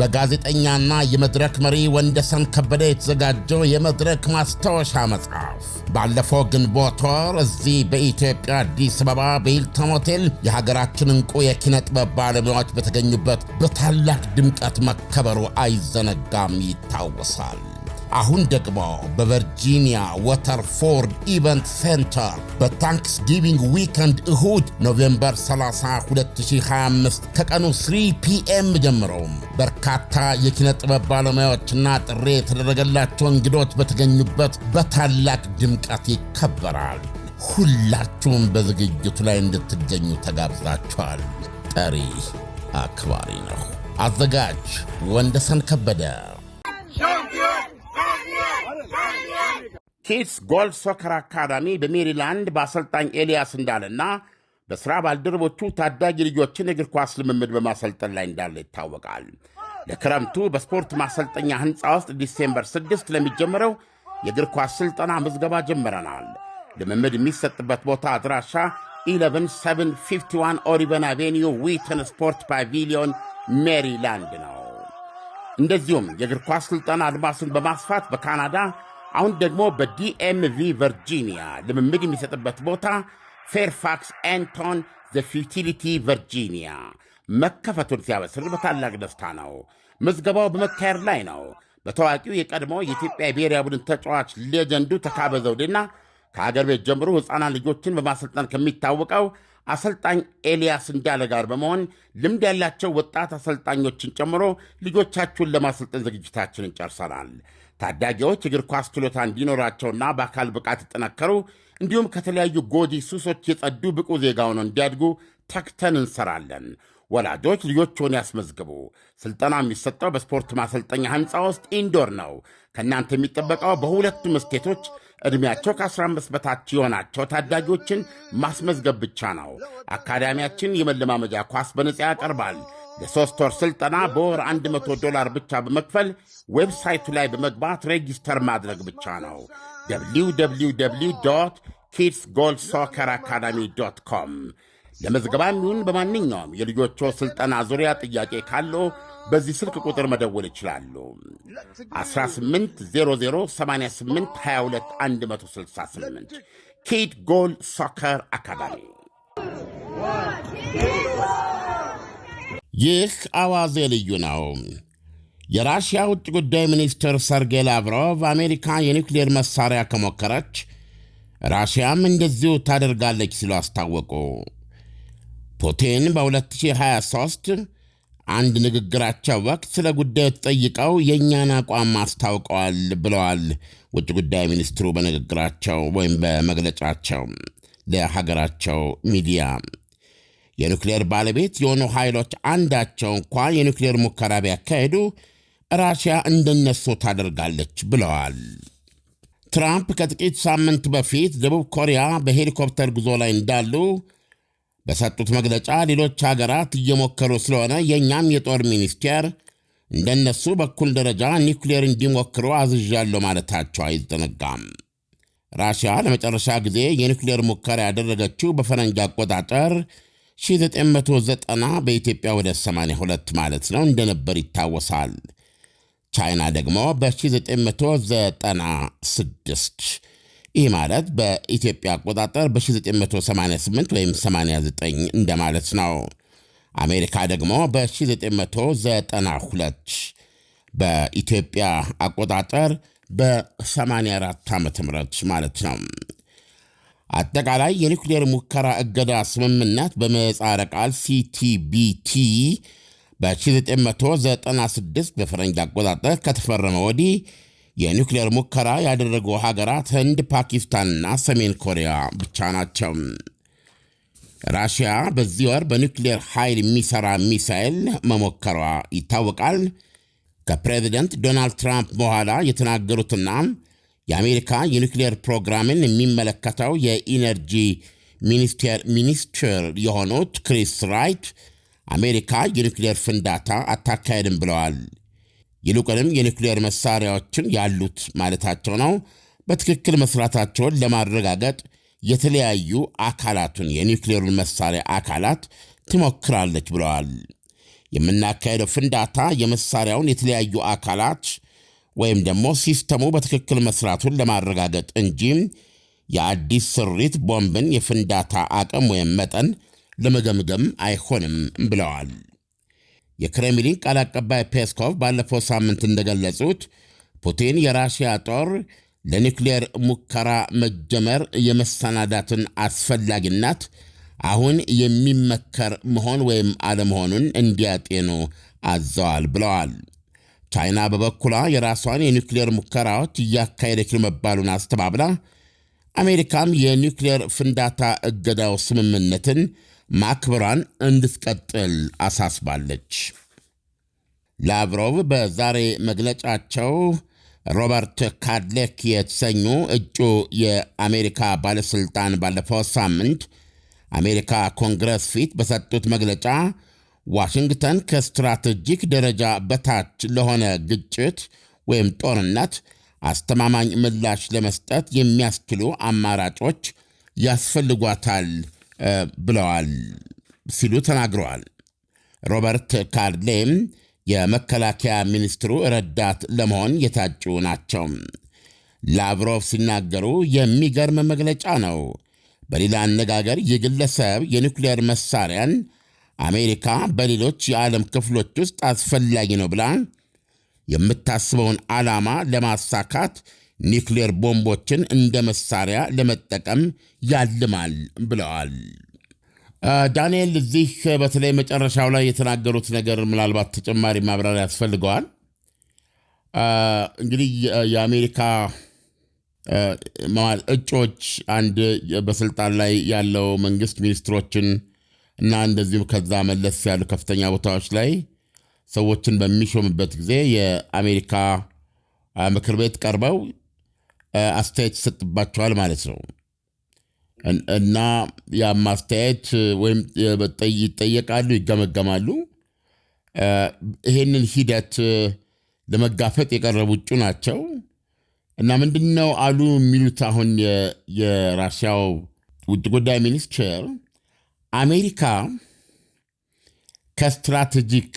በጋዜጠኛና የመድረክ መሪ ወንደሰን ከበደ የተዘጋጀው የመድረክ ማስታወሻ መጽሐፍ ባለፈው ግንቦት ወር እዚህ በኢትዮጵያ አዲስ አበባ በሂልተን ሆቴል የሀገራችን እንቁ የኪነ ጥበብ ባለሙያዎች በተገኙበት በታላቅ ድምቀት መከበሩ አይዘነጋም፣ ይታወሳል። አሁን ደግሞ በቨርጂኒያ ወተርፎርድ ኢቨንት ሴንተር በታንክስጊቪንግ ዊከንድ እሁድ ኖቬምበር 30 2025 ከቀኑ 3 ፒኤም ጀምሮ በርካታ የኪነ ጥበብ ባለሙያዎችና ጥሪ የተደረገላቸው እንግዶች በተገኙበት በታላቅ ድምቀት ይከበራል። ሁላችሁም በዝግጅቱ ላይ እንድትገኙ ተጋብዛችኋል። ጠሪ አክባሪ ነው። አዘጋጅ ወንደሰን ከበደ ኪድስ ጎል ሶከር አካዳሚ በሜሪላንድ በአሰልጣኝ ኤልያስ እንዳለና በሥራ ባልደረቦቹ ታዳጊ ልጆችን እግር ኳስ ልምምድ በማሰልጠን ላይ እንዳለ ይታወቃል። ለክረምቱ በስፖርት ማሰልጠኛ ሕንፃ ውስጥ ዲሴምበር 6 ለሚጀምረው የእግር ኳስ ሥልጠና ምዝገባ ጀምረናል። ልምምድ የሚሰጥበት ቦታ አድራሻ 11751 ኦሪቨን አቬኒዩ ዊትን ስፖርት ፓቪሊዮን ሜሪላንድ ነው። እንደዚሁም የእግር ኳስ ሥልጠና አድማሱን በማስፋት በካናዳ አሁን ደግሞ በዲኤምቪ ቨርጂኒያ ልምምድ የሚሰጥበት ቦታ ፌርፋክስ ኤንቶን ዘ ፊቲሊቲ ቨርጂኒያ መከፈቱን ሲያበስር በታላቅ ደስታ ነው። ምዝገባው በመካሄድ ላይ ነው። በታዋቂው የቀድሞ የኢትዮጵያ የብሔራዊ ቡድን ተጫዋች ሌጀንዱ ተካበ ከአገር ቤት ጀምሮ ሕፃናት ልጆችን በማሰልጠን ከሚታወቀው አሰልጣኝ ኤልያስ እንዳለ ጋር በመሆን ልምድ ያላቸው ወጣት አሰልጣኞችን ጨምሮ ልጆቻችሁን ለማሰልጠን ዝግጅታችንን ጨርሰናል። ታዳጊዎች እግር ኳስ ችሎታ እንዲኖራቸውና በአካል ብቃት የጠነከሩ እንዲሁም ከተለያዩ ጎጂ ሱሶች የጸዱ ብቁ ዜጋ ሆነው እንዲያድጉ ተክተን እንሰራለን። ወላጆች ልጆችዎን ያስመዝግቡ። ስልጠና የሚሰጠው በስፖርት ማሰልጠኛ ሕንፃ ውስጥ ኢንዶር ነው። ከእናንተ የሚጠበቀው በሁለቱም ስቴቶች ዕድሜያቸው ከ15 በታች የሆናቸው ታዳጊዎችን ማስመዝገብ ብቻ ነው። አካዳሚያችን የመለማመጃ ኳስ በነጻ ያቀርባል። የሦስት ወር ሥልጠና በወር 100 ዶላር ብቻ በመክፈል ዌብሳይቱ ላይ በመግባት ሬጂስተር ማድረግ ብቻ ነው። www ኪድስ ጎልድ ሶከር አካዳሚ ዶት ኮም ለመዝገባ የሚሆን በማንኛውም የልጆቹ ሥልጠና ዙሪያ ጥያቄ ካለው በዚህ ስልክ ቁጥር መደወል ይችላሉ። 18008822 ኪድ ጎል ሶከር አካዳሚ። ይህ አዋዜ ልዩ ነው። የራሽያ ውጭ ጉዳይ ሚኒስትር ሰርጌይ ላቭሮቭ አሜሪካ የኒውክሌር መሣሪያ ከሞከረች ራሽያም እንደዚሁ ታደርጋለች ሲሉ አስታወቁ። ፑቲን በ2023 አንድ ንግግራቸው ወቅት ስለ ጉዳዩ ተጠይቀው የእኛን አቋም አስታውቀዋል ብለዋል ውጭ ጉዳይ ሚኒስትሩ በንግግራቸው ወይም በመግለጫቸው ለሀገራቸው ሚዲያ። የኒክሌር ባለቤት የሆኑ ኃይሎች አንዳቸው እንኳ የኒክሌር ሙከራ ቢያካሄዱ ራሽያ እንደነሱ ታደርጋለች ብለዋል። ትራምፕ ከጥቂት ሳምንት በፊት ደቡብ ኮሪያ በሄሊኮፕተር ጉዞ ላይ እንዳሉ በሰጡት መግለጫ ሌሎች ሀገራት እየሞከሩ ስለሆነ የእኛም የጦር ሚኒስቴር እንደነሱ በኩል ደረጃ ኒውክሌር እንዲሞክሩ አዝዣለሁ ማለታቸው አይዘነጋም። ራሽያ ለመጨረሻ ጊዜ የኒውክሌር ሙከራ ያደረገችው በፈረንጅ አቆጣጠር 1990 በኢትዮጵያ ወደ 82 ማለት ነው እንደነበር ይታወሳል። ቻይና ደግሞ በ1996 ይህ ማለት በኢትዮጵያ አቆጣጠር በ1988 ወይም 89 እንደማለት ነው። አሜሪካ ደግሞ በ1992 በኢትዮጵያ አቆጣጠር በ84 ዓ ም ማለት ነው። አጠቃላይ የኒውክሌር ሙከራ እገዳ ስምምነት በምህጻረ ቃል ሲቲቢቲ በ1996 በፈረንጅ አቆጣጠር ከተፈረመ ወዲህ የኒውክሌር ሙከራ ያደረጉ ሀገራት ህንድ፣ ፓኪስታንና ሰሜን ኮሪያ ብቻ ናቸው። ራሽያ በዚህ ወር በኒውክሌር ኃይል የሚሠራ ሚሳኤል መሞከሯ ይታወቃል። ከፕሬዚደንት ዶናልድ ትራምፕ በኋላ የተናገሩትና የአሜሪካ የኒውክሌር ፕሮግራምን የሚመለከተው የኢነርጂ ሚኒስቴር ሚኒስትር የሆኑት ክሪስ ራይት አሜሪካ የኒውክሌር ፍንዳታ አታካሄድም ብለዋል። ይልቁንም የኒውክሌር መሳሪያዎችን ያሉት ማለታቸው ነው በትክክል መስራታቸውን ለማረጋገጥ የተለያዩ አካላቱን የኒውክሌሩን መሳሪያ አካላት ትሞክራለች ብለዋል። የምናካሄደው ፍንዳታ የመሳሪያውን የተለያዩ አካላት ወይም ደግሞ ሲስተሙ በትክክል መስራቱን ለማረጋገጥ እንጂ የአዲስ ስሪት ቦምብን የፍንዳታ አቅም ወይም መጠን ለመገምገም አይሆንም ብለዋል። የክሬምሊን ቃል አቀባይ ፔስኮቭ ባለፈው ሳምንት እንደገለጹት ፑቲን የራሽያ ጦር ለኒውክሌር ሙከራ መጀመር የመሰናዳትን አስፈላጊነት አሁን የሚመከር መሆን ወይም አለመሆኑን እንዲያጤኑ አዘዋል ብለዋል። ቻይና በበኩሏ የራሷን የኒውክሌር ሙከራዎች እያካሄደች መባሉን አስተባብላ አሜሪካም የኒውክሌር ፍንዳታ እገዳው ስምምነትን ማክበሯን እንድትቀጥል አሳስባለች። ላቭሮቭ በዛሬ መግለጫቸው ሮበርት ካድሌክ የተሰኙ እጩ የአሜሪካ ባለሥልጣን ባለፈው ሳምንት አሜሪካ ኮንግረስ ፊት በሰጡት መግለጫ ዋሽንግተን ከስትራቴጂክ ደረጃ በታች ለሆነ ግጭት ወይም ጦርነት አስተማማኝ ምላሽ ለመስጠት የሚያስችሉ አማራጮች ያስፈልጓታል ብለዋል ሲሉ ተናግረዋል። ሮበርት ካርኔም የመከላከያ ሚኒስትሩ ረዳት ለመሆን የታጩ ናቸው። ላቭሮቭ ሲናገሩ የሚገርም መግለጫ ነው። በሌላ አነጋገር የግለሰብ የኒውክሌር መሳሪያን አሜሪካ በሌሎች የዓለም ክፍሎች ውስጥ አስፈላጊ ነው ብላ የምታስበውን ዓላማ ለማሳካት ኒክሌር ቦምቦችን እንደ መሳሪያ ለመጠቀም ያልማል ብለዋል። ዳንኤል፣ እዚህ በተለይ መጨረሻው ላይ የተናገሩት ነገር ምናልባት ተጨማሪ ማብራሪያ ያስፈልገዋል። እንግዲህ የአሜሪካ እጮች አንድ በስልጣን ላይ ያለው መንግስት ሚኒስትሮችን እና እንደዚሁም ከዛ መለስ ያሉ ከፍተኛ ቦታዎች ላይ ሰዎችን በሚሾምበት ጊዜ የአሜሪካ ምክር ቤት ቀርበው አስተያየት ይሰጥባቸዋል ማለት ነው እና ያም አስተያየት ወይም ይጠየቃሉ፣ ይገመገማሉ። ይሄንን ሂደት ለመጋፈጥ የቀረቡ እጩ ናቸው እና ምንድን ነው አሉ የሚሉት አሁን የራሽያው ውጭ ጉዳይ ሚኒስትር አሜሪካ ከስትራቴጂክ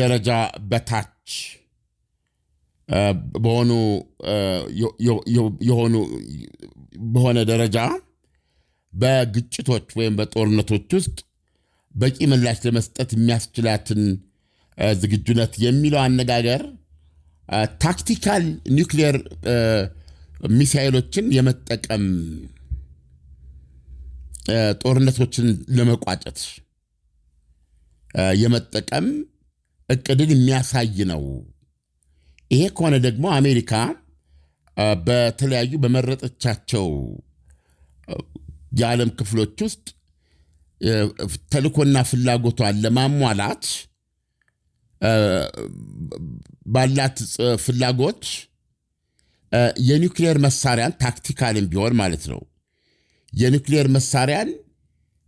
ደረጃ በታች በሆኑ የሆኑ በሆነ ደረጃ በግጭቶች ወይም በጦርነቶች ውስጥ በቂ ምላሽ ለመስጠት የሚያስችላትን ዝግጁነት የሚለው አነጋገር ታክቲካል ኒውክሊየር ሚሳይሎችን የመጠቀም ጦርነቶችን ለመቋጨት የመጠቀም እቅድን የሚያሳይ ነው። ይሄ ከሆነ ደግሞ አሜሪካ በተለያዩ በመረጠቻቸው የዓለም ክፍሎች ውስጥ ተልኮና ፍላጎቷን ለማሟላት ባላት ፍላጎት የኒውክሌር መሳሪያን ታክቲካልም ቢሆን ማለት ነው የኒውክሌር መሳሪያን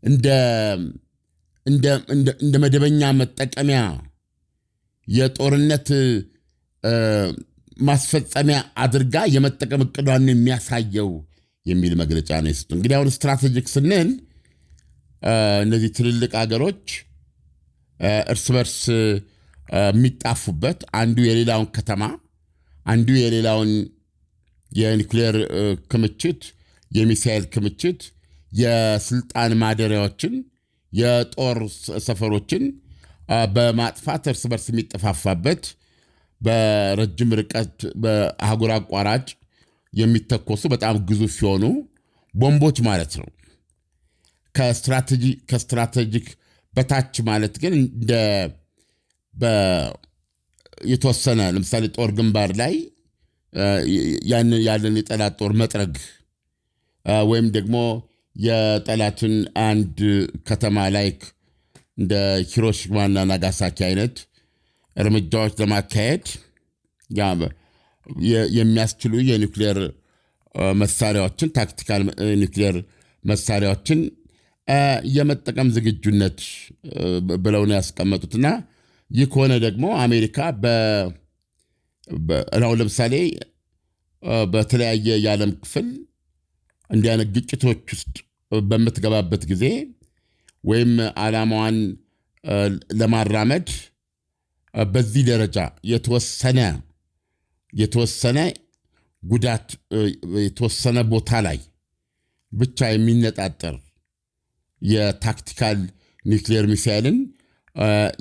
እንደ መደበኛ መጠቀሚያ የጦርነት ማስፈጸሚያ አድርጋ የመጠቀም እቅዷን የሚያሳየው የሚል መግለጫ ነው የሰጡ። እንግዲህ አሁን ስትራቴጂክ ስንል እነዚህ ትልልቅ ሀገሮች እርስ በርስ የሚጣፉበት አንዱ የሌላውን ከተማ አንዱ የሌላውን የኒክሌር ክምችት፣ የሚሳኤል ክምችት፣ የስልጣን ማደሪያዎችን፣ የጦር ሰፈሮችን በማጥፋት እርስ በርስ የሚጠፋፋበት በረጅም ርቀት በአህጉር አቋራጭ የሚተኮሱ በጣም ግዙፍ የሆኑ ቦምቦች ማለት ነው። ከስትራቴጂክ በታች ማለት ግን እንደ የተወሰነ ለምሳሌ ጦር ግንባር ላይ ያለን የጠላት ጦር መጥረግ ወይም ደግሞ የጠላትን አንድ ከተማ ላይክ እንደ ሂሮሽማና ናጋሳኪ አይነት እርምጃዎች ለማካሄድ የሚያስችሉ የኒክሌር መሳሪያዎችን ታክቲካል ኒክሌር መሳሪያዎችን የመጠቀም ዝግጁነት ብለው ነው ያስቀመጡትና ይህ ከሆነ ደግሞ አሜሪካ ነው ለምሳሌ በተለያየ የዓለም ክፍል እንዲያነ ግጭቶች ውስጥ በምትገባበት ጊዜ ወይም ዓላማዋን ለማራመድ በዚህ ደረጃ የተወሰነ የተወሰነ ጉዳት የተወሰነ ቦታ ላይ ብቻ የሚነጣጠር የታክቲካል ኒውክሌር ሚሳይልን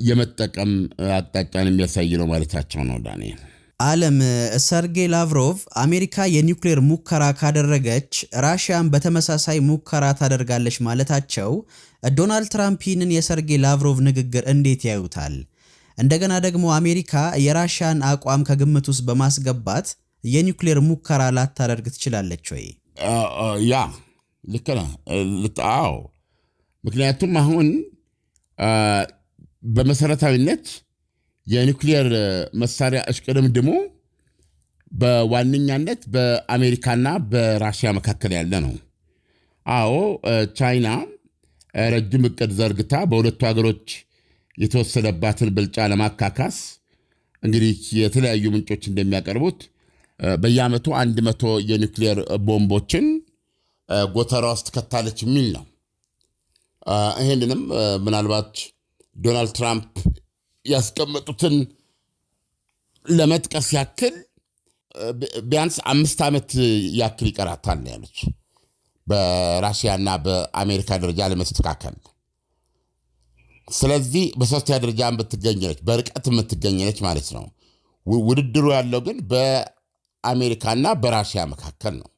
የመጠቀም አቅጣጫን የሚያሳይ ነው ማለታቸው ነው። ዳንኤል ዓለም ሰርጌይ ላቭሮቭ አሜሪካ የኒውክሌር ሙከራ ካደረገች ራሽያን በተመሳሳይ ሙከራ ታደርጋለች ማለታቸው ዶናልድ ትራምፕ ይህንን የሰርጌይ ላቭሮቭ ንግግር እንዴት ያዩታል? እንደገና ደግሞ አሜሪካ የራሽያን አቋም ከግምት ውስጥ በማስገባት የኒውክሌር ሙከራ ላታደርግ ትችላለች ወይ? ያ ልክ ነህ። አዎ፣ ምክንያቱም አሁን በመሰረታዊነት የኒውክሌር መሳሪያ እሽቅድምድሙ በዋነኛነት በአሜሪካና በራሽያ መካከል ያለ ነው። አዎ ቻይና ረጅም እቅድ ዘርግታ በሁለቱ ሀገሮች የተወሰደባትን ብልጫ ለማካካስ እንግዲህ የተለያዩ ምንጮች እንደሚያቀርቡት በየዓመቱ አንድ መቶ የኒክሌር ቦምቦችን ጎተራ ውስጥ ከታለች የሚል ነው። ይህንንም ምናልባት ዶናልድ ትራምፕ ያስቀመጡትን ለመጥቀስ ያክል ቢያንስ አምስት ዓመት ያክል ይቀራታል ያለች በራሽያና በአሜሪካ ደረጃ ለመስተካከል ስለዚህ በሶስተኛ ደረጃ የምትገኘች በርቀት የምትገኘች ማለት ነው። ውድድሩ ያለው ግን በአሜሪካና በራሽያ መካከል ነው።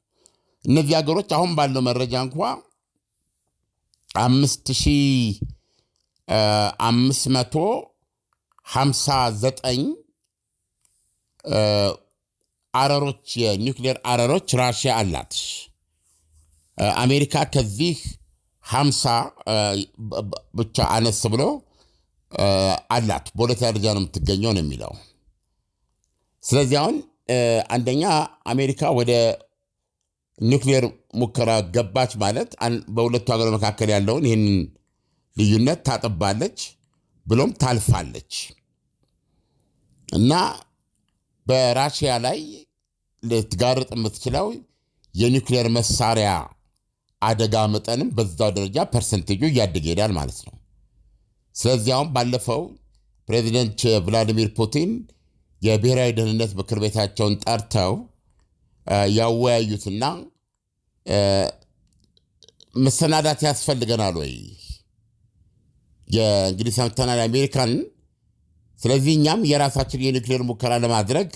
እነዚህ ሀገሮች አሁን ባለው መረጃ እንኳ አምስት ሺህ አምስት መቶ ሀምሳ ዘጠኝ አረሮች የኒውክሌር አረሮች ራሽያ አላት። አሜሪካ ከዚህ ሀምሳ ብቻ አነስ ብሎ አላት። በሁለተኛ ደረጃ ነው የምትገኘው ነው የሚለው። ስለዚህ አሁን አንደኛ አሜሪካ ወደ ኒውክሌር ሙከራ ገባች ማለት በሁለቱ ሀገር መካከል ያለውን ይህን ልዩነት ታጠባለች ብሎም ታልፋለች እና በራሽያ ላይ ልትጋርጥ የምትችለው የኒውክሌር መሳሪያ አደጋ መጠንም በዛው ደረጃ ፐርሰንቴጁ እያደገ ሄዳል ማለት ነው። ስለዚህ አሁን ባለፈው ፕሬዚደንት ቭላዲሚር ፑቲን የብሔራዊ ደህንነት ምክር ቤታቸውን ጠርተው ያወያዩትና መሰናዳት ያስፈልገናል ወይ እንግዲህ ሰምተናል አሜሪካን። ስለዚህ እኛም የራሳችን የኒክሌር ሙከራ ለማድረግ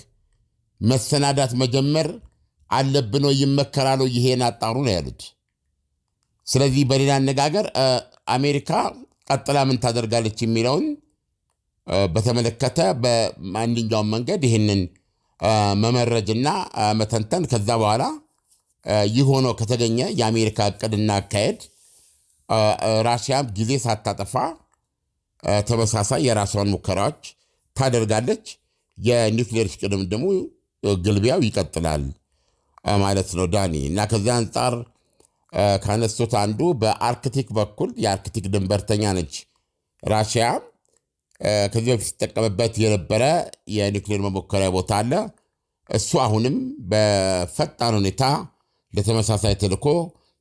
መሰናዳት መጀመር አለብን ወይ ይሄን አጣሩ ነው ያሉት። ስለዚህ በሌላ አነጋገር አሜሪካ ቀጥላ ምን ታደርጋለች የሚለውን በተመለከተ በማንኛውም መንገድ ይህንን መመረጅና መተንተን ከዛ በኋላ ይህ ሆኖ ከተገኘ የአሜሪካ እቅድና አካሄድ ራሽያም ጊዜ ሳታጠፋ ተመሳሳይ የራሷን ሙከራዎች ታደርጋለች። የኒውክሌር ሽቅድምድሙ ግልቢያው ይቀጥላል ማለት ነው ዳኒ እና ከዚያ አንጻር ካነሱት አንዱ በአርክቲክ በኩል የአርክቲክ ድንበርተኛ ነች ራሽያ። ከዚህ በፊት ሲጠቀምበት የነበረ የኒውክሌር መሞከሪያ ቦታ አለ። እሱ አሁንም በፈጣን ሁኔታ ለተመሳሳይ ተልዕኮ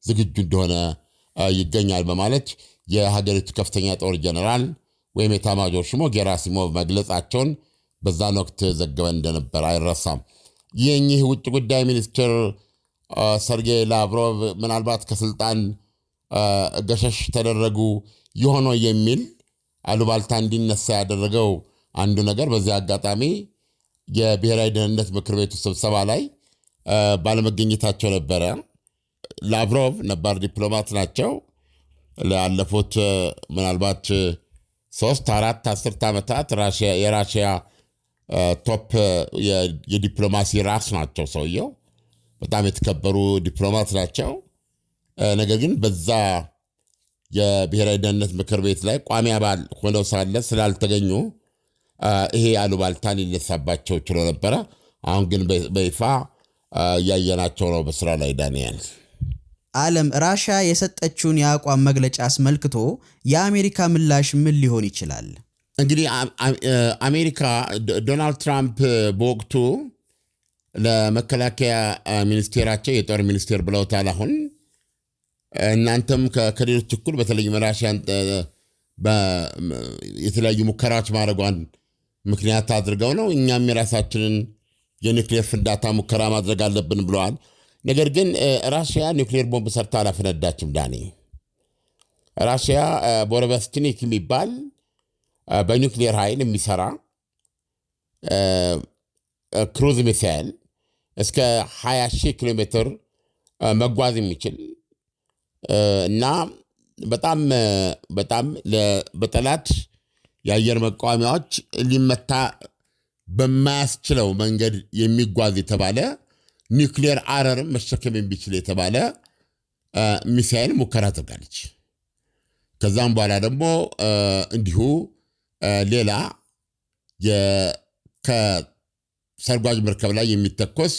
ዝግጁ እንደሆነ ይገኛል በማለት የሀገሪቱ ከፍተኛ ጦር ጀነራል ወይም የታማዦር ሹም ጌራሲሞቭ መግለጻቸውን በዛን ወቅት ዘግበን እንደነበር አይረሳም። ይህ እኚህ ውጭ ጉዳይ ሚኒስትር ሰርጌይ ላቭሮቭ ምናልባት ከስልጣን ገሸሽ ተደረጉ የሆኖ የሚል አሉባልታ እንዲነሳ ያደረገው አንዱ ነገር በዚያ አጋጣሚ የብሔራዊ ደህንነት ምክር ቤቱ ስብሰባ ላይ ባለመገኘታቸው ነበረ። ላቭሮቭ ነባር ዲፕሎማት ናቸው። ላለፉት ምናልባት ሶስት አራት አስርት ዓመታት የራሽያ ቶፕ የዲፕሎማሲ ራስ ናቸው ሰውየው። በጣም የተከበሩ ዲፕሎማት ናቸው። ነገር ግን በዛ የብሔራዊ ደህንነት ምክር ቤት ላይ ቋሚ አባል ሆነው ሳለ ስላልተገኙ ይሄ አሉባልታን ሊነሳባቸው ችሎ ነበረ። አሁን ግን በይፋ እያየናቸው ነው በስራ ላይ ዳንኤል አለም ራሻ የሰጠችውን የአቋም መግለጫ አስመልክቶ የአሜሪካ ምላሽ ምን ሊሆን ይችላል? እንግዲህ አሜሪካ ዶናልድ ትራምፕ በወቅቱ ለመከላከያ ሚኒስቴራቸው የጦር ሚኒስቴር ብለውታል። አሁን እናንተም ከሌሎች እኩል በተለይም ራሽያን የተለያዩ ሙከራዎች ማድረጓን ምክንያት አድርገው ነው እኛም የራሳችንን የኒክሌር ፍንዳታ ሙከራ ማድረግ አለብን ብለዋል። ነገር ግን ራሽያ ኒክሌር ቦምብ ሰርታ አላፈነዳችም። ዳኔ ራሽያ ቦረበስትኒክ የሚባል በኒክሌር ኃይል የሚሰራ ክሩዝ ሚሳይል እስከ 20 ሺህ ኪሎ ሜትር መጓዝ የሚችል እና በጣም በጣም በጠላት የአየር መቃወሚያዎች ሊመታ በማያስችለው መንገድ የሚጓዝ የተባለ ኒውክሌር አረር መሸከም የሚችል የተባለ ሚሳይል ሙከራ አድርጋለች። ከዛም በኋላ ደግሞ እንዲሁ ሌላ ሰርጓጅ መርከብ ላይ የሚተኮስ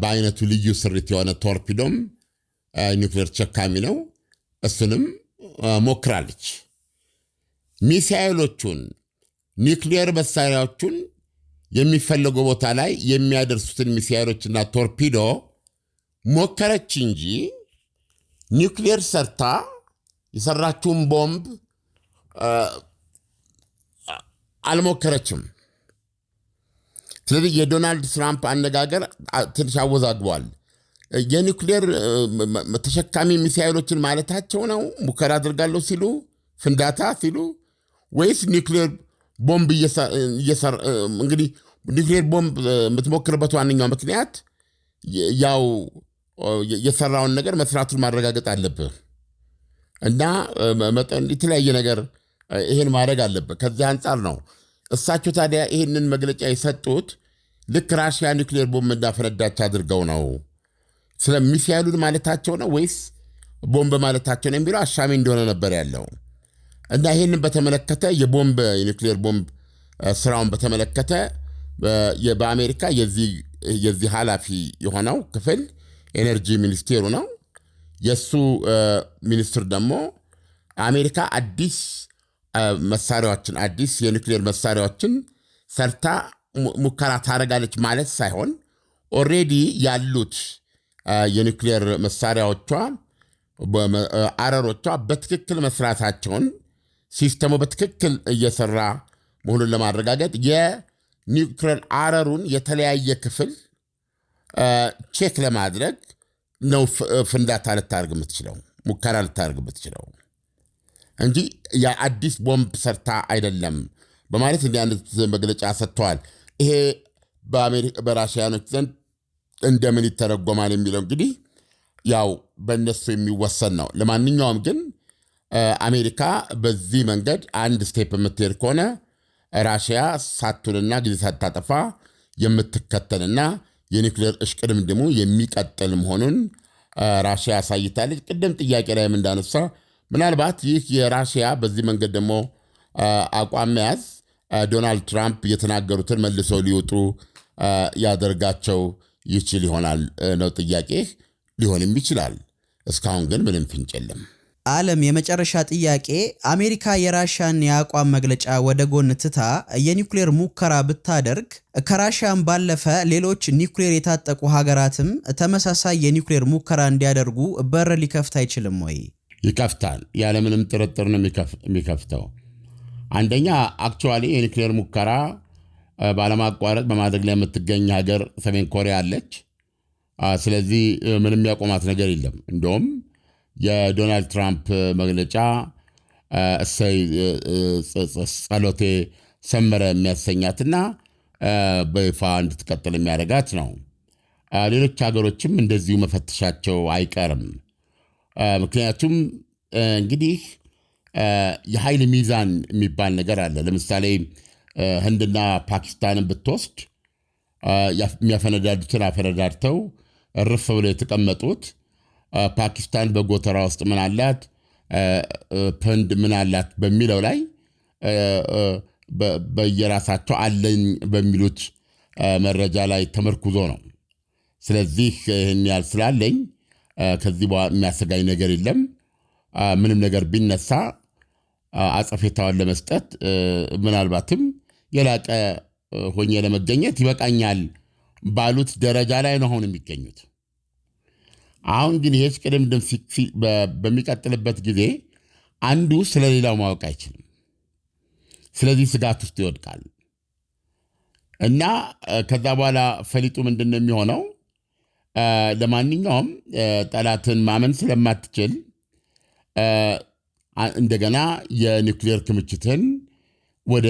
በአይነቱ ልዩ ስሪት የሆነ ቶርፒዶም ኒውክሌር ተሸካሚ ነው። እሱንም ሞክራለች። ሚሳኤሎቹን፣ ኒውክሌር መሳሪያዎቹን የሚፈለጉ ቦታ ላይ የሚያደርሱትን ሚሳኤሎችና ቶርፒዶ ሞከረች እንጂ ኒውክሌር ሰርታ የሰራችውን ቦምብ አልሞከረችም። ስለዚህ የዶናልድ ትራምፕ አነጋገር ትንሽ አወዛግቧል። የኒውክሌር ተሸካሚ ሚሳይሎችን ማለታቸው ነው ሙከራ አድርጋለሁ ሲሉ ፍንዳታ ሲሉ ወይስ ኒውክሌር ቦምብ እንግዲህ ኒውክሌር ቦምብ የምትሞክርበት ዋነኛው ምክንያት ያው የሰራውን ነገር መስራቱን ማረጋገጥ አለብህ እና የተለያየ ነገር ይሄን ማድረግ አለብህ። ከዚህ አንጻር ነው እሳቸው ታዲያ ይህንን መግለጫ የሰጡት ልክ ራሽያ ኒውክሌር ቦምብ እንዳፈነዳች አድርገው ነው። ስለ ሚሳይሉን ማለታቸው ነው ወይስ ቦምብ ማለታቸው ነው የሚለው አሻሚ እንደሆነ ነበር ያለው እና ይህንን በተመለከተ የቦምብ የኒክሌር ቦምብ ስራውን በተመለከተ በአሜሪካ የዚህ ኃላፊ የሆነው ክፍል ኤነርጂ ሚኒስቴሩ ነው። የእሱ ሚኒስትር ደግሞ አሜሪካ አዲስ መሳሪያዎችን አዲስ የኒክሌር መሳሪያዎችን ሰርታ ሙከራ ታደርጋለች ማለት ሳይሆን ኦሬዲ ያሉት የኒክሌር መሳሪያዎቿ አረሮቿ በትክክል መስራታቸውን ሲስተሙ በትክክል እየሰራ መሆኑን ለማረጋገጥ የኒውክሌር አረሩን የተለያየ ክፍል ቼክ ለማድረግ ነው ፍንዳታ ልታደርግ የምትችለው ሙከራ ልታደርግ የምትችለው። እንጂ የአዲስ ቦምብ ሰርታ አይደለም በማለት እንዲህ አይነት መግለጫ ሰጥተዋል። ይሄ በራሽያኖች ዘንድ እንደምን ይተረጎማል የሚለው እንግዲህ ያው በእነሱ የሚወሰን ነው። ለማንኛውም ግን አሜሪካ በዚህ መንገድ አንድ ስቴፕ የምትሄድ ከሆነ ራሽያ ሳቱንና ጊዜ ሳታጠፋ የምትከተልና የኒውክሌር እሽቅድምድሙ የሚቀጥል መሆኑን ራሽያ አሳይታለች። ቅድም ጥያቄ ላይም እንዳነሳ ምናልባት ይህ የራሽያ በዚህ መንገድ ደግሞ አቋም መያዝ ዶናልድ ትራምፕ የተናገሩትን መልሰው ሊወጡ ያደርጋቸው ይችል ይሆናል ነው ጥያቄ። ሊሆንም ይችላል። እስካሁን ግን ምንም ፍንጭ የለም። አለም፣ የመጨረሻ ጥያቄ አሜሪካ የራሽያን የአቋም መግለጫ ወደ ጎን ትታ የኒውክሌር ሙከራ ብታደርግ ከራሽያን ባለፈ ሌሎች ኒውክሌር የታጠቁ ሀገራትም ተመሳሳይ የኒውክሌር ሙከራ እንዲያደርጉ በር ሊከፍት አይችልም ወይ? ይከፍታል። ያለምንም ጥርጥር ነው የሚከፍተው። አንደኛ አክቹዋሊ የኒክሌር ሙከራ ባለማቋረጥ በማድረግ ላይ የምትገኝ ሀገር ሰሜን ኮሪያ አለች። ስለዚህ ምንም ያቆማት ነገር የለም። እንደውም የዶናልድ ትራምፕ መግለጫ እሰይ ጸሎቴ ሰመረ የሚያሰኛትና በይፋ እንድትቀጥል የሚያደርጋት ነው። ሌሎች ሀገሮችም እንደዚሁ መፈተሻቸው አይቀርም። ምክንያቱም እንግዲህ የኃይል ሚዛን የሚባል ነገር አለ። ለምሳሌ ህንድና ፓኪስታንን ብትወስድ የሚያፈነዳዱትን አፈነዳድተው እርፍ ብለው የተቀመጡት ፓኪስታን በጎተራ ውስጥ ምን አላት፣ ህንድ ምን አላት በሚለው ላይ በየራሳቸው አለኝ በሚሉት መረጃ ላይ ተመርኩዞ ነው። ስለዚህ ይህን ያህል ስላለኝ ከዚህ በኋላ የሚያሰጋኝ ነገር የለም። ምንም ነገር ቢነሳ አጸፌታዋን ለመስጠት ምናልባትም የላቀ ሆኜ ለመገኘት ይበቃኛል ባሉት ደረጃ ላይ ነው አሁን የሚገኙት። አሁን ግን ይሄ እሽቅድምድም በሚቀጥልበት ጊዜ አንዱ ስለ ሌላው ማወቅ አይችልም። ስለዚህ ስጋት ውስጥ ይወድቃል እና ከዛ በኋላ ፈሊጡ ምንድን ነው የሚሆነው? ለማንኛውም ጠላትን ማመን ስለማትችል እንደገና የኒውክሌር ክምችትን ወደ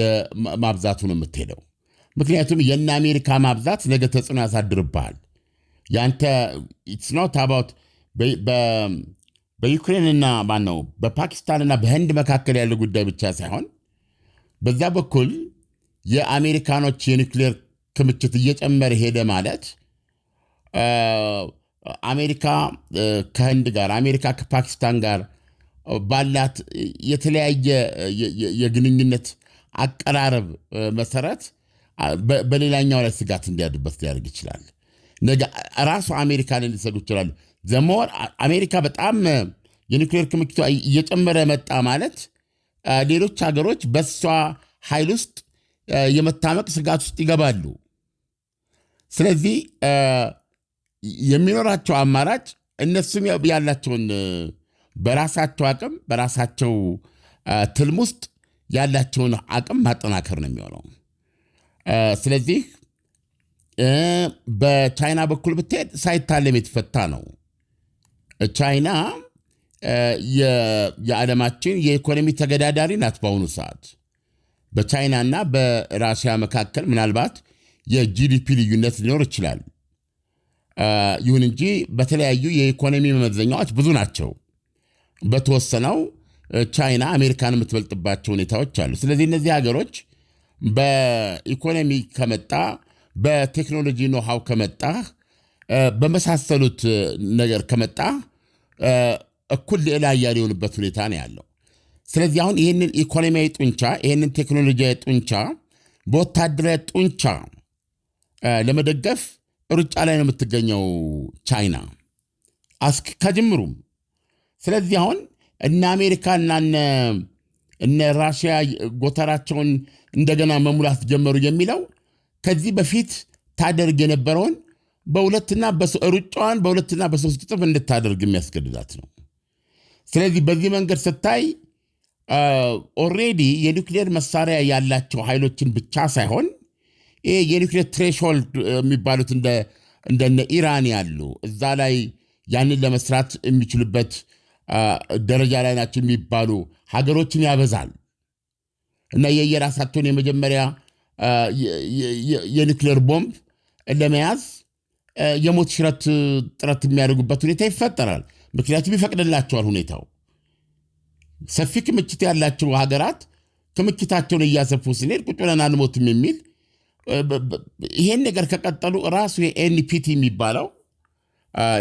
ማብዛቱ ነው የምትሄደው። ምክንያቱም የእነ አሜሪካ ማብዛት ነገ ተጽዕኖ ያሳድርብሃል። ያንተ ስኖት አባውት በዩክሬንና ማን ነው በፓኪስታንና በህንድ መካከል ያለ ጉዳይ ብቻ ሳይሆን በዛ በኩል የአሜሪካኖች የኒውክሌር ክምችት እየጨመረ ሄደ ማለት አሜሪካ ከህንድ ጋር፣ አሜሪካ ከፓኪስታን ጋር ባላት የተለያየ የግንኙነት አቀራረብ መሰረት በሌላኛው ላይ ስጋት እንዲያድበት ሊያደርግ ይችላል። ነገ ራሱ አሜሪካ ሊሰጉ ይችላሉ። ዘመወር አሜሪካ በጣም የኒክሌር ክምችቷ እየጨመረ መጣ ማለት ሌሎች ሀገሮች በሷ ኃይል ውስጥ የመታመቅ ስጋት ውስጥ ይገባሉ። ስለዚህ የሚኖራቸው አማራጭ እነሱም ያላቸውን በራሳቸው አቅም በራሳቸው ትልም ውስጥ ያላቸውን አቅም ማጠናከር ነው የሚሆነው። ስለዚህ በቻይና በኩል ብትሄድ ሳይታለም የተፈታ ነው። ቻይና የዓለማችን የኢኮኖሚ ተገዳዳሪ ናት። በአሁኑ ሰዓት በቻይናና በራሽያ መካከል ምናልባት የጂዲፒ ልዩነት ሊኖር ይችላል። ይሁን እንጂ በተለያዩ የኢኮኖሚ መመዘኛዎች ብዙ ናቸው። በተወሰነው ቻይና አሜሪካን የምትበልጥባቸው ሁኔታዎች አሉ። ስለዚህ እነዚህ ሀገሮች በኢኮኖሚ ከመጣ በቴክኖሎጂ ኖሃው ከመጣ በመሳሰሉት ነገር ከመጣ እኩል ልዕለ ኃያል የሆኑበት ሁኔታ ነው ያለው። ስለዚህ አሁን ይህንን ኢኮኖሚያዊ ጡንቻ ይህንን ቴክኖሎጂያዊ ጡንቻ በወታደራዊ ጡንቻ ለመደገፍ ሩጫ ላይ ነው የምትገኘው ቻይና አስክ ከጅምሩም። ስለዚህ አሁን እነ አሜሪካና እነ ራሽያ ጎተራቸውን እንደገና መሙላት ጀመሩ የሚለው ከዚህ በፊት ታደርግ የነበረውን በሁለትና ሩጫዋን በሁለትና በሶስት እጥፍ እንድታደርግ የሚያስገድዳት ነው። ስለዚህ በዚህ መንገድ ስታይ ኦልሬዲ የኒውክሌር መሳሪያ ያላቸው ኃይሎችን ብቻ ሳይሆን ይሄ የኒውክሌር ትሬሽሆልድ የሚባሉት እንደነ ኢራን ያሉ እዛ ላይ ያንን ለመስራት የሚችሉበት ደረጃ ላይ ናቸው የሚባሉ ሀገሮችን ያበዛል እና የየራሳቸውን የመጀመሪያ የኒክሌር ቦምብ ለመያዝ የሞት ሽረት ጥረት የሚያደርጉበት ሁኔታ ይፈጠራል። ምክንያቱም ይፈቅድላቸዋል ሁኔታው። ሰፊ ክምችት ያላቸው ሀገራት ክምችታቸውን እያሰፉ ስንሄድ ቁጭ ብለን አንሞትም የሚል ይሄን ነገር ከቀጠሉ ራሱ የኤንፒቲ የሚባለው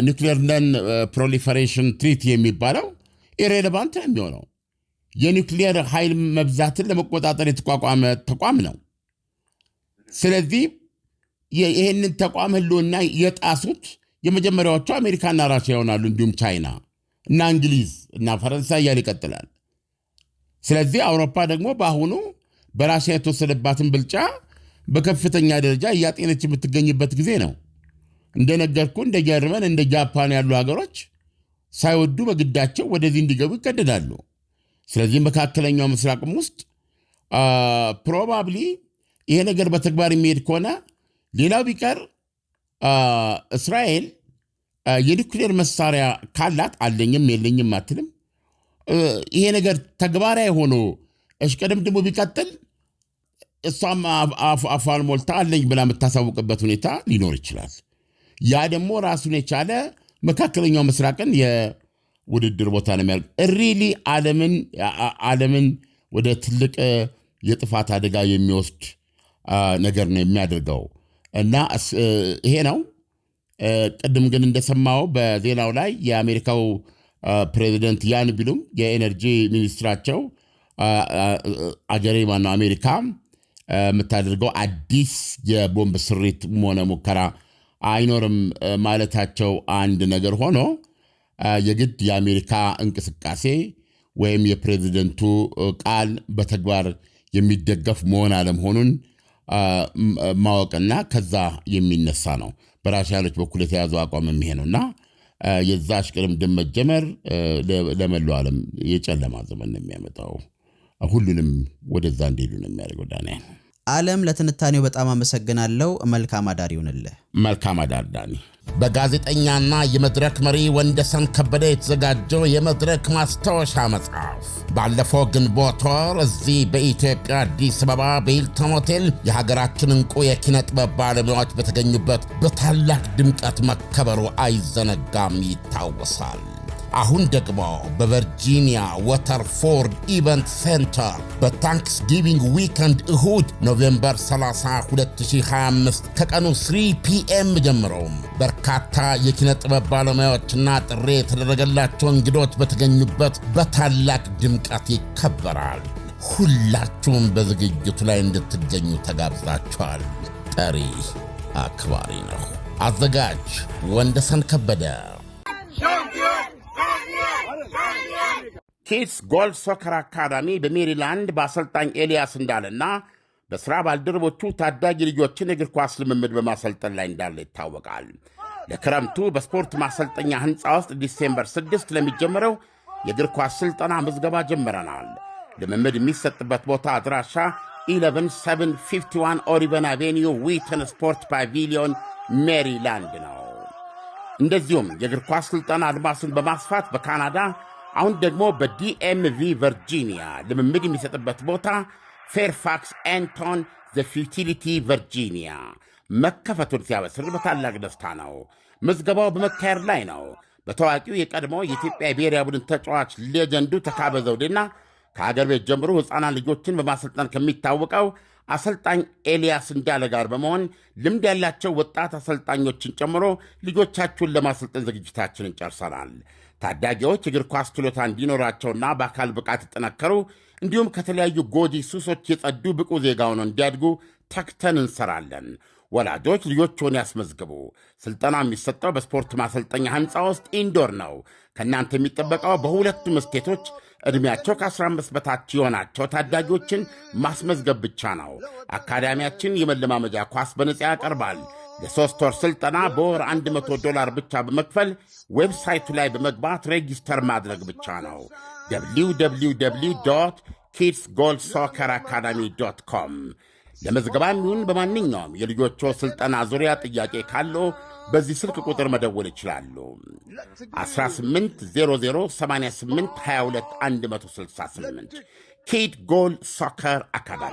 ኒክሌር ነን ፕሮሊፈሬሽን ትሪቲ የሚባለው ኢሬሌቫንት ነው የሚሆነው። የኒክሌር ኃይል መብዛትን ለመቆጣጠር የተቋቋመ ተቋም ነው። ስለዚህ ይህንን ተቋም ህልውና የጣሱት የመጀመሪያዎቹ አሜሪካና ራሽያ ይሆናሉ፣ እንዲሁም ቻይና እና እንግሊዝ እና ፈረንሳይ እያል ይቀጥላል። ስለዚህ አውሮፓ ደግሞ በአሁኑ በራሽያ የተወሰደባትን ብልጫ በከፍተኛ ደረጃ እያጤነች የምትገኝበት ጊዜ ነው። እንደነገርኩ እንደ ጀርመን፣ እንደ ጃፓን ያሉ ሀገሮች ሳይወዱ በግዳቸው ወደዚህ እንዲገቡ ይገደዳሉ። ስለዚህ መካከለኛው ምስራቅም ውስጥ ፕሮባብሊ ይሄ ነገር በተግባር የሚሄድ ከሆነ ሌላው ቢቀር እስራኤል የኒኩሌር መሳሪያ ካላት አለኝም የለኝም አትልም። ይሄ ነገር ተግባራዊ ሆኖ እሽቅድምድሙ ቢቀጥል እሷም አፏን ሞልታ አለኝ ብላ የምታሳውቅበት ሁኔታ ሊኖር ይችላል። ያ ደግሞ ራሱን የቻለ መካከለኛው ምስራቅን የውድድር ቦታ ነው የሚያደርግ ሪሊ ዓለምን ወደ ትልቅ የጥፋት አደጋ የሚወስድ ነገር ነው የሚያደርገው እና ይሄ ነው። ቅድም ግን እንደሰማው በዜናው ላይ የአሜሪካው ፕሬዚደንት ያን ቢሉም የኤነርጂ ሚኒስትራቸው አገሬ ማነው አሜሪካ የምታደርገው አዲስ የቦምብ ስሪት ሆነ ሙከራ አይኖርም ማለታቸው አንድ ነገር ሆኖ የግድ የአሜሪካ እንቅስቃሴ ወይም የፕሬዚደንቱ ቃል በተግባር የሚደገፍ መሆን አለመሆኑን ማወቅና ከዛ የሚነሳ ነው። በራሽያኖች በኩል የተያዘው አቋም የሚሄ ነው እና የዛ አሽቅድምድም መጀመር ለመላው ዓለም የጨለማ ዘመን ነው የሚያመጣው። ሁሉንም ወደዛ እንዲሄዱ ነው የሚያደርገው። ዳንኤል አለም፣ ለትንታኔው በጣም አመሰግናለሁ። መልካም አዳር ይሆንልህ። መልካም አዳር ዳኒ። በጋዜጠኛና የመድረክ መሪ ወንደሰን ከበደ የተዘጋጀው የመድረክ ማስታወሻ መጽሐፍ ባለፈው ግንቦት ወር እዚህ በኢትዮጵያ አዲስ አበባ በሂልተን ሆቴል የሀገራችን እንቁ የኪነ ጥበብ ባለሙያዎች በተገኙበት በታላቅ ድምቀት መከበሩ አይዘነጋም፣ ይታወሳል። አሁን ደግሞ በቨርጂኒያ ወተርፎርድ ኢቨንት ሴንተር በታንክስ ጊቪንግ ዊከንድ እሁድ ኖቬምበር 30 2025 ከቀኑ 3 ፒኤም ጀምሮ በርካታ የኪነ ጥበብ ባለሙያዎችና ጥሪ የተደረገላቸው እንግዶች በተገኙበት በታላቅ ድምቀት ይከበራል። ሁላችሁም በዝግጅቱ ላይ እንድትገኙ ተጋብዛችኋል። ጠሪ አክባሪ ነው። አዘጋጅ ወንደሰን ከበደ ኪትስ ጎልድ ሶከር አካዳሚ በሜሪላንድ በአሰልጣኝ ኤልያስ እንዳለና በሥራ ባልደረቦቹ ታዳጊ ልጆችን እግር ኳስ ልምምድ በማሰልጠን ላይ እንዳለ ይታወቃል። ለክረምቱ በስፖርት ማሰልጠኛ ሕንፃ ውስጥ ዲሴምበር 6 ለሚጀምረው የእግር ኳስ ሥልጠና ምዝገባ ጀምረናል። ልምምድ የሚሰጥበት ቦታ አድራሻ 11751 ኦሪቨን አቬኒዩ ዊተን ስፖርት ፓቪሊዮን ሜሪላንድ ነው። እንደዚሁም የእግር ኳስ ሥልጠና አድማሱን በማስፋት በካናዳ አሁን ደግሞ በዲኤምቪ ቨርጂኒያ ልምምድ የሚሰጥበት ቦታ ፌርፋክስ ኤንቶን ዘ ፊውቲሊቲ ቨርጂኒያ መከፈቱን ሲያበስር በታላቅ ደስታ ነው። ምዝገባው በመካሄድ ላይ ነው። በታዋቂው የቀድሞ የኢትዮጵያ ብሔራዊ ቡድን ተጫዋች ሌጀንዱ ተካበ ዘውዴና ከሀገር ቤት ጀምሮ ሕፃናት ልጆችን በማሰልጠን ከሚታወቀው አሰልጣኝ ኤልያስ እንዳለ ጋር በመሆን ልምድ ያላቸው ወጣት አሰልጣኞችን ጨምሮ ልጆቻችሁን ለማሰልጠን ዝግጅታችንን ጨርሰናል። ታዳጊዎች እግር ኳስ ችሎታ እንዲኖራቸውና በአካል ብቃት ጠነከሩ እንዲሁም ከተለያዩ ጎጂ ሱሶች የጸዱ ብቁ ዜጋ ሆነው እንዲያድጉ ተክተን እንሰራለን። ወላጆች ልጆችዎን ያስመዝግቡ። ስልጠና የሚሰጠው በስፖርት ማሰልጠኛ ሕንፃ ውስጥ ኢንዶር ነው። ከእናንተ የሚጠበቀው በሁለቱም ስቴቶች ዕድሜያቸው ከ15 በታች የሆናቸው ታዳጊዎችን ማስመዝገብ ብቻ ነው። አካዳሚያችን የመለማመጃ ኳስ በነፃ ያቀርባል። የሦስት ወር ሥልጠና በወር 100 ዶላር ብቻ በመክፈል ዌብሳይቱ ላይ በመግባት ሬጂስተር ማድረግ ብቻ ነው። www ኪድስ ጎል ሶከር አካዳሚ ዶት ኮም። ለመዝገባም ይሁን በማንኛውም የልጆቹ ሥልጠና ዙሪያ ጥያቄ ካለው በዚህ ስልክ ቁጥር መደወል ይችላሉ። 18008822 168 ኪድ ጎል ሶከር አካዳሚ